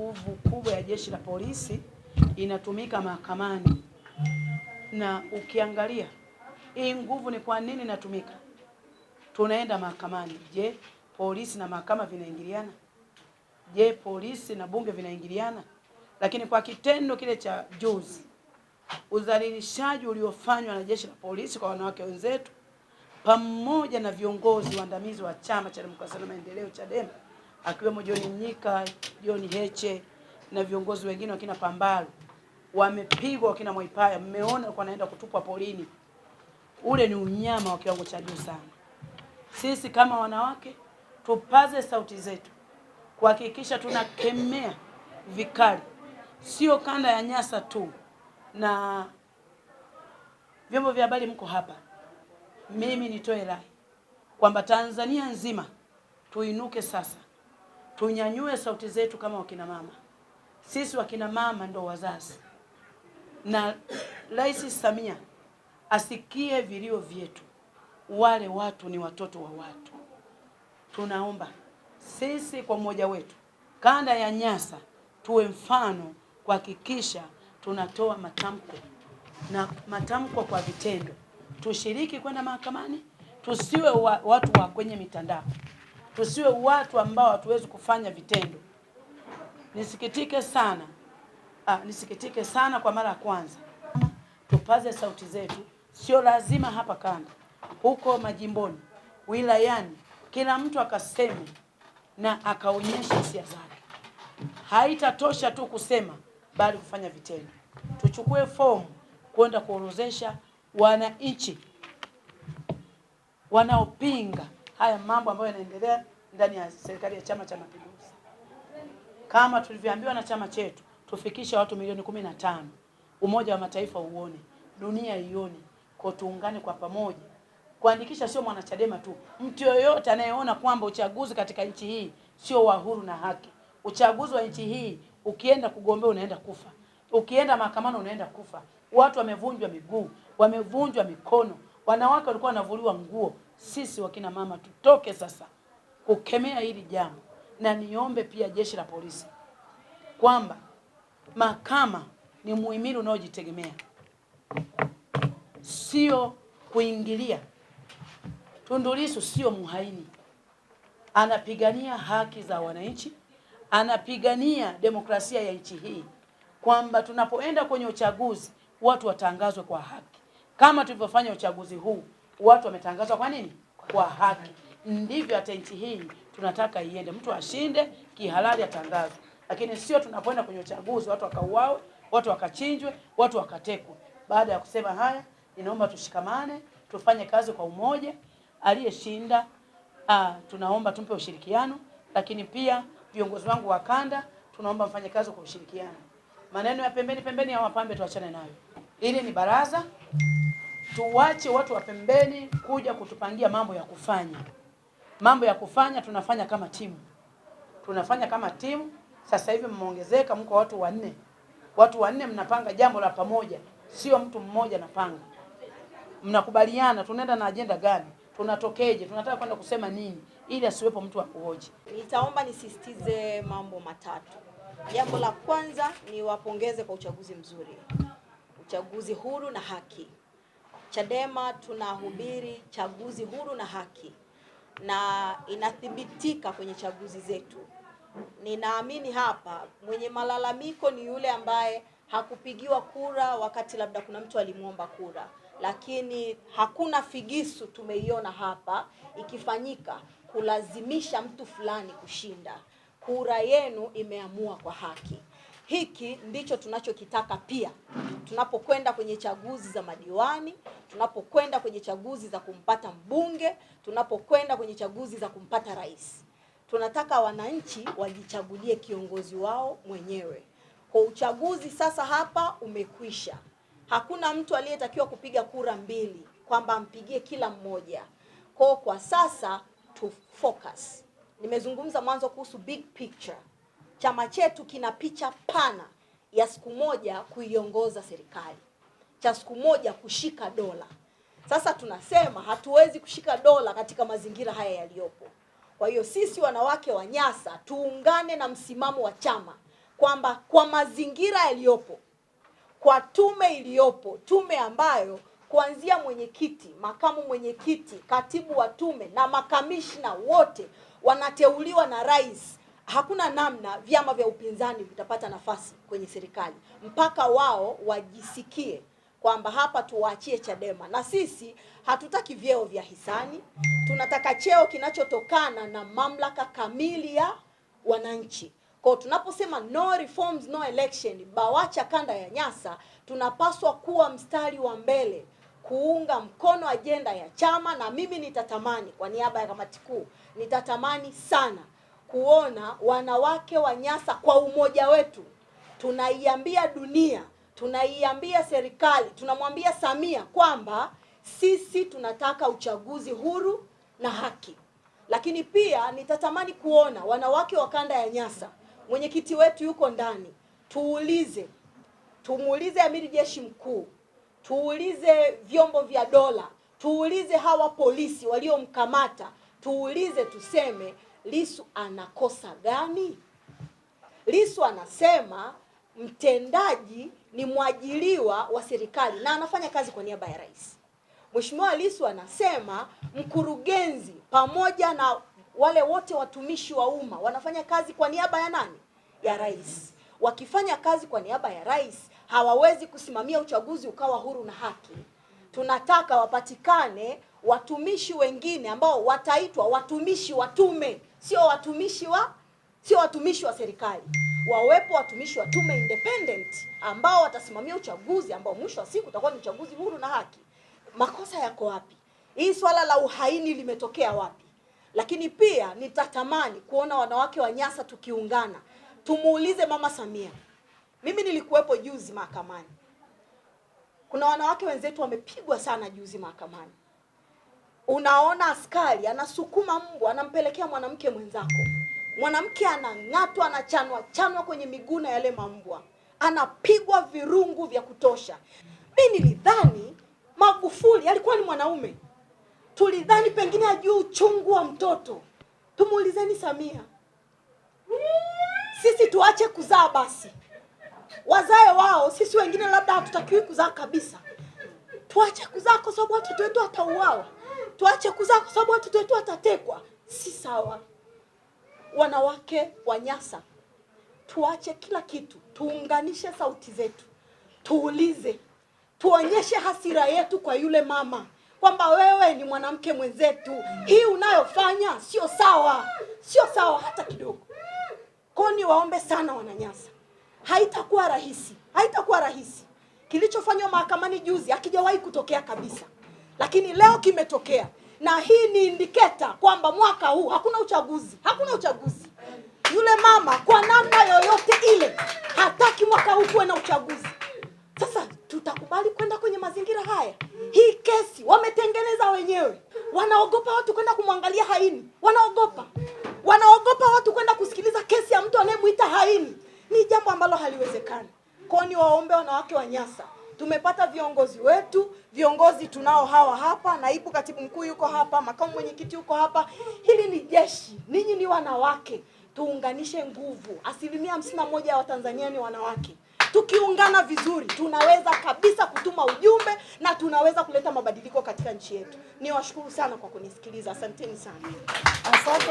nguvu kubwa ya jeshi la polisi inatumika mahakamani, na ukiangalia hii nguvu ni kwa nini inatumika, tunaenda mahakamani. Je, polisi na mahakama vinaingiliana? Je, polisi na bunge vinaingiliana? Lakini kwa kitendo kile cha juzi, udhalilishaji uliofanywa na jeshi la polisi kwa wanawake wenzetu pamoja na viongozi waandamizi wa Chama cha Demokrasia na Maendeleo, Chadema akiwemo John Mnyika, John Heche na viongozi wengine wakina Pambalo wamepigwa wakina Mwaipaya, mmeona kwa naenda kutupwa polini. Ule ni unyama wa kiwango cha juu sana. Sisi kama wanawake tupaze sauti zetu kuhakikisha tunakemea vikali, sio kanda ya Nyasa tu. Na vyombo vya habari mko hapa, mimi nitoe rai kwamba Tanzania nzima tuinuke sasa tunyanyue sauti zetu kama wakina mama. Sisi wakina mama ndo wazazi, na Rais Samia asikie vilio vyetu. Wale watu ni watoto wa watu. Tunaomba sisi kwa mmoja wetu kanda ya Nyasa tuwe mfano kuhakikisha tunatoa matamko na matamko kwa vitendo. Tushiriki kwenda mahakamani, tusiwe wa, watu wa kwenye mitandao tusiwe watu ambao hatuwezi kufanya vitendo. Nisikitike sana ah, nisikitike sana kwa mara ya kwanza, tupaze sauti zetu. Sio lazima hapa kanda, huko majimboni, wilayani, kila mtu akaseme na akaonyesha hisia zake. Haitatosha tu kusema, bali kufanya vitendo. Tuchukue fomu kwenda kuorozesha wananchi wanaopinga haya mambo ambayo yanaendelea ndani ya serikali ya Chama cha Mapinduzi. Kama tulivyoambiwa na chama chetu tufikishe watu milioni kumi na tano, Umoja wa Mataifa uone, dunia ione, kwa tuungane kwa pamoja kuandikisha. Sio mwanachadema tu, mtu yoyote anayeona kwamba uchaguzi katika nchi hii sio wa huru na haki. Uchaguzi wa nchi hii ukienda kugombea unaenda kufa, ukienda mahakamani unaenda kufa. Watu wamevunjwa miguu, wamevunjwa mikono, wanawake walikuwa wanavuliwa nguo sisi wakina mama tutoke sasa kukemea hili jambo, na niombe pia jeshi la polisi kwamba mahakama ni muhimili unaojitegemea, sio kuingilia. Tundu Lissu sio muhaini, anapigania haki za wananchi, anapigania demokrasia ya nchi hii, kwamba tunapoenda kwenye uchaguzi watu watangazwe kwa haki kama tulivyofanya uchaguzi huu watu wametangazwa kwa nini? Kwa haki. Ndivyo hata nchi hii tunataka iende, mtu ashinde kihalali, atangazwe, lakini sio tunapoenda kwenye uchaguzi watu wakauawe, watu wakachinjwe, watu wakatekwe. Baada ya kusema haya, ninaomba tushikamane, tufanye kazi kwa umoja. Aliyeshinda ah, tunaomba tumpe ushirikiano, lakini pia viongozi wangu wa kanda, tunaomba mfanye kazi kwa ushirikiano. Maneno ya pembeni pembeni ya wapambe tuachane nayo. Hili ni baraza tuwache watu wa pembeni kuja kutupangia mambo ya kufanya. Mambo ya kufanya tunafanya kama timu, tunafanya kama timu. Sasa hivi mmeongezeka, mko watu wanne, watu wanne mnapanga jambo la pamoja, sio mtu mmoja napanga. Mnakubaliana tunaenda na ajenda gani, tunatokeje, tunataka kwenda kusema nini, ili asiwepo mtu wa kuhoji. Nitaomba nisisitize mambo matatu. Jambo la kwanza, niwapongeze kwa uchaguzi mzuri, uchaguzi huru na haki. Chadema tunahubiri chaguzi huru na haki na inathibitika kwenye chaguzi zetu. Ninaamini hapa mwenye malalamiko ni yule ambaye hakupigiwa kura wakati labda kuna mtu alimwomba kura, lakini hakuna figisu tumeiona hapa ikifanyika kulazimisha mtu fulani kushinda. Kura yenu imeamua kwa haki. Hiki ndicho tunachokitaka pia tunapokwenda kwenye chaguzi za madiwani, tunapokwenda kwenye chaguzi za kumpata mbunge, tunapokwenda kwenye chaguzi za kumpata rais. Tunataka wananchi wajichagulie kiongozi wao mwenyewe. Kwa uchaguzi sasa hapa umekwisha. Hakuna mtu aliyetakiwa kupiga kura mbili kwamba ampigie kila mmoja. Kwa kwa sasa tu focus. Nimezungumza mwanzo kuhusu big picture chama chetu kina picha pana ya siku moja kuiongoza serikali, cha siku moja kushika dola. Sasa tunasema hatuwezi kushika dola katika mazingira haya yaliyopo. Kwa hiyo sisi wanawake wa Nyasa tuungane na msimamo wa chama kwamba kwa mazingira yaliyopo, kwa tume iliyopo, tume ambayo kuanzia mwenyekiti, makamu mwenyekiti, katibu wa tume na makamishna wote wanateuliwa na rais hakuna namna vyama vya upinzani vitapata nafasi kwenye serikali mpaka wao wajisikie kwamba hapa tuwaachie Chadema. Na sisi hatutaki vyeo vya hisani, tunataka cheo kinachotokana na mamlaka kamili ya wananchi. Kwa tunaposema no reforms no election, BAWACHA kanda ya Nyasa tunapaswa kuwa mstari wa mbele kuunga mkono ajenda ya chama, na mimi nitatamani kwa niaba ya kamati kuu, nitatamani sana kuona wanawake wa Nyasa kwa umoja wetu tunaiambia dunia, tunaiambia serikali, tunamwambia Samia kwamba sisi tunataka uchaguzi huru na haki. Lakini pia nitatamani kuona wanawake wa kanda ya Nyasa, mwenyekiti wetu yuko ndani, tuulize, tumuulize amiri jeshi mkuu, tuulize vyombo vya dola, tuulize hawa polisi waliomkamata, tuulize tuseme lisu anakosa gani? lisu anasema mtendaji ni mwajiliwa wa serikali na anafanya kazi kwa niaba ya rais. Mheshimiwa lisu anasema mkurugenzi pamoja na wale wote watumishi wa umma wanafanya kazi kwa niaba ya nani? Ya rais. Wakifanya kazi kwa niaba ya rais hawawezi kusimamia uchaguzi ukawa huru na haki. Tunataka wapatikane watumishi wengine ambao wataitwa watumishi wa tume sio watumishi wa sio watumishi wa serikali. Wawepo watumishi wa tume independent ambao watasimamia uchaguzi ambao mwisho wa siku utakuwa ni uchaguzi huru na haki. Makosa yako wapi? Hii swala la uhaini limetokea wapi? Lakini pia nitatamani kuona wanawake wa Nyasa tukiungana, tumuulize Mama Samia. Mimi nilikuwepo juzi mahakamani, kuna wanawake wenzetu wamepigwa sana juzi mahakamani. Unaona askari anasukuma mbwa anampelekea mwanamke mwenzako, mwanamke anang'atwa, anachanwa chanwa kwenye miguu na yale mambwa, anapigwa virungu vya kutosha. Mi nilidhani Magufuli alikuwa ni mwanaume, tulidhani pengine ajui uchungu wa mtoto. Tumuulizeni Samia, sisi tuache kuzaa basi, wazae wao, sisi wengine labda hatutakiwi kuzaa kabisa. Tuache kuzaa kwa sababu watoto wetu watauawa tuache kuzaa kwa sababu watoto wetu watatekwa. Si sawa. Wanawake wa Nyasa, tuache kila kitu, tuunganishe sauti zetu, tuulize, tuonyeshe hasira yetu kwa yule mama kwamba wewe ni mwanamke mwenzetu, hii unayofanya sio sawa, sio sawa hata kidogo. Kwa ni waombe sana Wananyasa, haitakuwa rahisi, haitakuwa rahisi. Kilichofanywa mahakamani juzi hakijawahi kutokea kabisa lakini leo kimetokea, na hii ni indiketa kwamba mwaka huu hakuna uchaguzi, hakuna uchaguzi. Yule mama kwa namna yoyote ile hataki mwaka huu kuwe na uchaguzi. Sasa tutakubali kwenda kwenye mazingira haya? Hii kesi wametengeneza wenyewe, wanaogopa watu kwenda kumwangalia haini, wanaogopa wanaogopa watu kwenda kusikiliza kesi ya mtu anayemwita haini. Ni jambo ambalo haliwezekani. Kwa ni waombe wanawake wa Nyasa tumepata viongozi wetu, viongozi tunao hawa hapa, naibu katibu mkuu yuko hapa, makamu mwenyekiti yuko hapa. Hili ni jeshi, ninyi ni wanawake, tuunganishe nguvu. Asilimia hamsini na moja ya Watanzania ni wanawake. Tukiungana vizuri, tunaweza kabisa kutuma ujumbe na tunaweza kuleta mabadiliko katika nchi yetu. Niwashukuru sana kwa kunisikiliza, asanteni sana, asante.